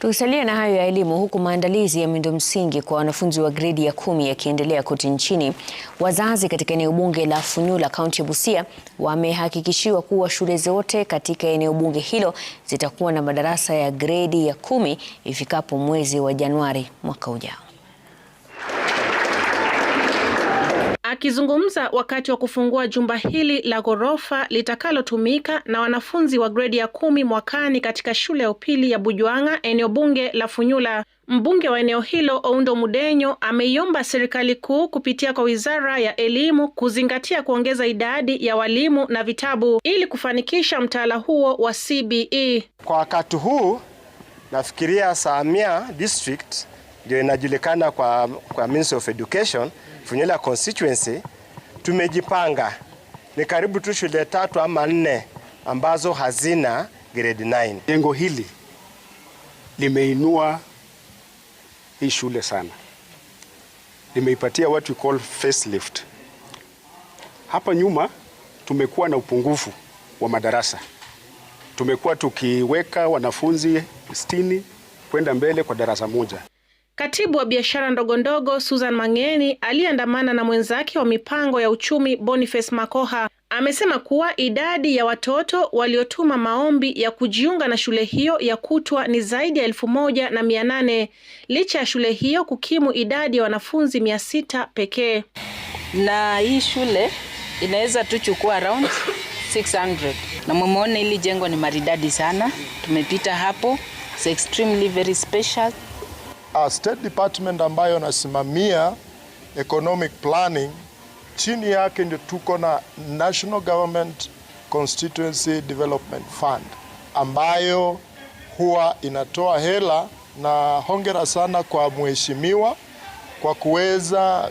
Tukisalia na hayo ya elimu, huku maandalizi ya miundo msingi kwa wanafunzi wa gredi ya kumi yakiendelea kote nchini, wazazi katika eneo bunge la Funyula kaunti ya Busia wamehakikishiwa kuwa shule zote katika eneo bunge hilo zitakuwa na madarasa ya gredi ya kumi ifikapo mwezi wa Januari mwaka ujao. Akizungumza wakati wa kufungua jumba hili la ghorofa litakalotumika na wanafunzi wa gredi ya kumi mwakani katika shule ya upili ya Bujwanga, eneo bunge la Funyula, mbunge wa eneo hilo Oundo Mudenyo ameiomba serikali kuu kupitia kwa wizara ya elimu kuzingatia kuongeza idadi ya walimu na vitabu ili kufanikisha mtaala huo wa CBE. Kwa wakati huu nafikiria Samia district ndio inajulikana kwa, kwa Ministry of Education Ifunyela constituency tumejipanga, ni karibu tu shule tatu ama nne ambazo hazina grade 9. Jengo hili limeinua hii shule sana, limeipatia what we call facelift. Hapa nyuma tumekuwa na upungufu wa madarasa, tumekuwa tukiweka wanafunzi 60 kwenda mbele kwa darasa moja. Katibu wa biashara ndogo ndogo Susan Mang'eni aliyeandamana na mwenzake wa mipango ya uchumi Boniface Makoha amesema kuwa idadi ya watoto waliotuma maombi ya kujiunga na shule hiyo ya kutwa ni zaidi ya elfu moja na mia nane licha ya shule hiyo kukimu idadi ya wanafunzi mia sita pekee. Na hii shule inaweza tu chukua around 600 na mumeona hili jengo ni maridadi sana, tumepita hapo, it's extremely very special a State Department ambayo nasimamia economic planning, chini yake ndio tuko na National Government Constituency Development Fund ambayo huwa inatoa hela, na hongera sana kwa mheshimiwa kwa kuweza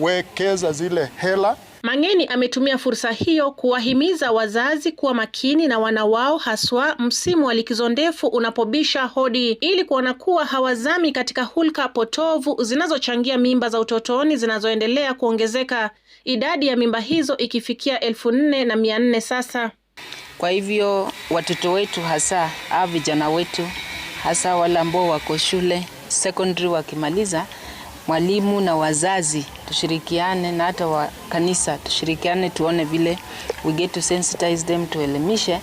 kuwekeza zile hela Mangeni ametumia fursa hiyo kuwahimiza wazazi kuwa makini na wana wao, haswa msimu wa likizo ndefu unapobisha hodi, ili kuona kuwa hawazami katika hulka potovu zinazochangia mimba za utotoni zinazoendelea kuongezeka, idadi ya mimba hizo ikifikia elfu nne na mia nne sasa. Kwa hivyo watoto wetu hasa a vijana wetu hasa wale ambao wako shule secondary, wakimaliza mwalimu na wazazi tushirikiane na hata wa kanisa tushirikiane, tuone vile we get to sensitize them, tuelimishe.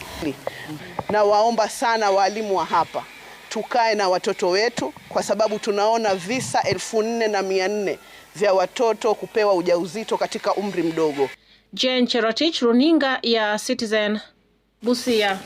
Na waomba sana walimu wa hapa tukae na watoto wetu, kwa sababu tunaona visa elfu nne na mia nne vya watoto kupewa ujauzito katika umri mdogo. Jane Cherotich, runinga ya Citizen, Busia.